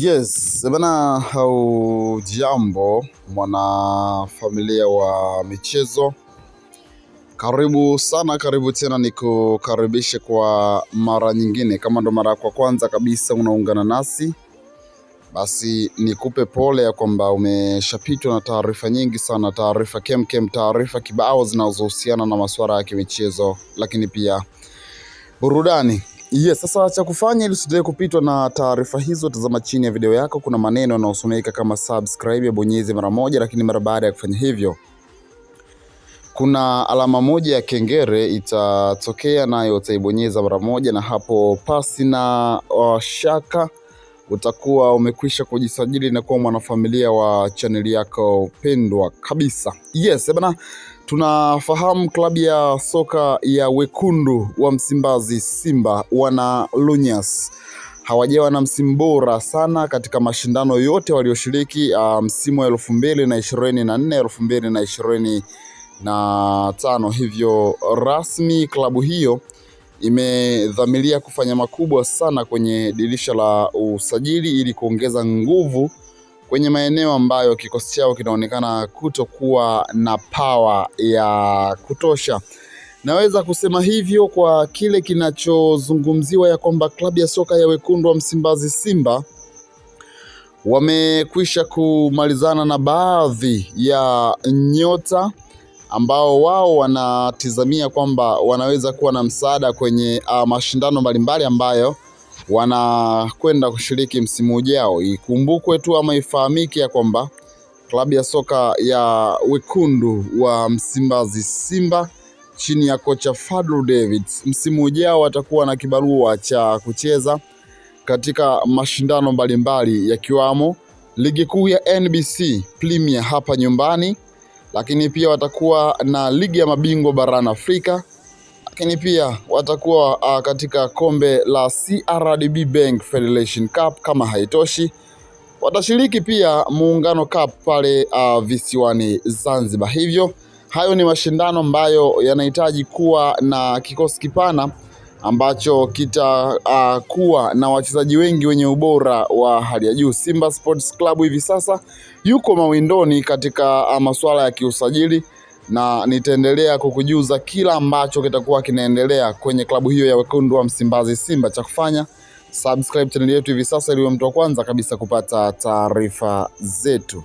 Yes, bana, mwana mwanafamilia wa michezo, karibu sana, karibu tena, nikukaribishe kwa mara nyingine. Kama ndo mara kwa kwanza kabisa unaungana nasi, basi nikupe pole ya kwamba umeshapitwa na taarifa nyingi sana, taarifa kemkem, taarifa kibao zinazohusiana na masuala ya kimichezo, lakini pia burudani Yes, sasa cha kufanya ili usijae kupitwa na taarifa hizo, tazama chini ya video yako, kuna maneno yanayosomeka kama subscribe, ya bonyeze mara moja. Lakini mara baada ya kufanya hivyo, kuna alama moja ya kengere itatokea, nayo utaibonyeza mara moja, na hapo pasi na uh, shaka utakuwa umekwisha kujisajili na kuwa mwanafamilia wa chaneli yako pendwa kabisa. Yes, bana. Tunafahamu klabu ya soka ya wekundu wa Msimbazi Simba wana lunyas hawajawa na msimu bora sana katika mashindano yote walioshiriki ah, msimu wa elfu mbili na ishirini na nne elfu mbili na ishirini na tano hivyo rasmi klabu hiyo imedhamiria kufanya makubwa sana kwenye dirisha la usajili ili kuongeza nguvu kwenye maeneo ambayo kikosi chao kinaonekana kutokuwa na pawa ya kutosha. Naweza kusema hivyo kwa kile kinachozungumziwa ya kwamba klabu ya soka ya wekundu wa Msimbazi Simba wamekwisha kumalizana na baadhi ya nyota ambao wao wanatizamia kwamba wanaweza kuwa na msaada kwenye uh, mashindano mbalimbali ambayo wanakwenda kushiriki msimu ujao. Ikumbukwe tu ama ifahamike ya kwamba klabu ya soka ya wekundu wa Msimbazi Simba chini ya kocha Fadlu Davids msimu ujao watakuwa na kibarua cha kucheza katika mashindano mbalimbali yakiwamo ligi kuu ya NBC Premier hapa nyumbani, lakini pia watakuwa na ligi ya mabingwa barani Afrika lakini pia watakuwa uh, katika kombe la CRDB Bank Federation Cup. Kama haitoshi, watashiriki pia Muungano Cup pale uh, visiwani Zanzibar. Hivyo hayo ni mashindano ambayo yanahitaji kuwa na kikosi kipana ambacho kitakuwa ah, uh, na wachezaji wengi wenye ubora wa hali ya juu. Simba Sports Club hivi sasa yuko mawindoni katika masuala ya kiusajili na nitaendelea kukujuza kila ambacho kitakuwa kinaendelea kwenye klabu hiyo ya wekundu wa Msimbazi Simba. Cha kufanya subscribe channel yetu hivi sasa, ili mtu wa kwanza kabisa kupata taarifa zetu.